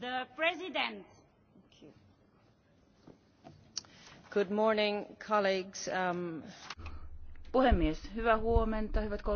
the president good morning colleagues um, puhemies hyvää huomenta hyvät kollegat.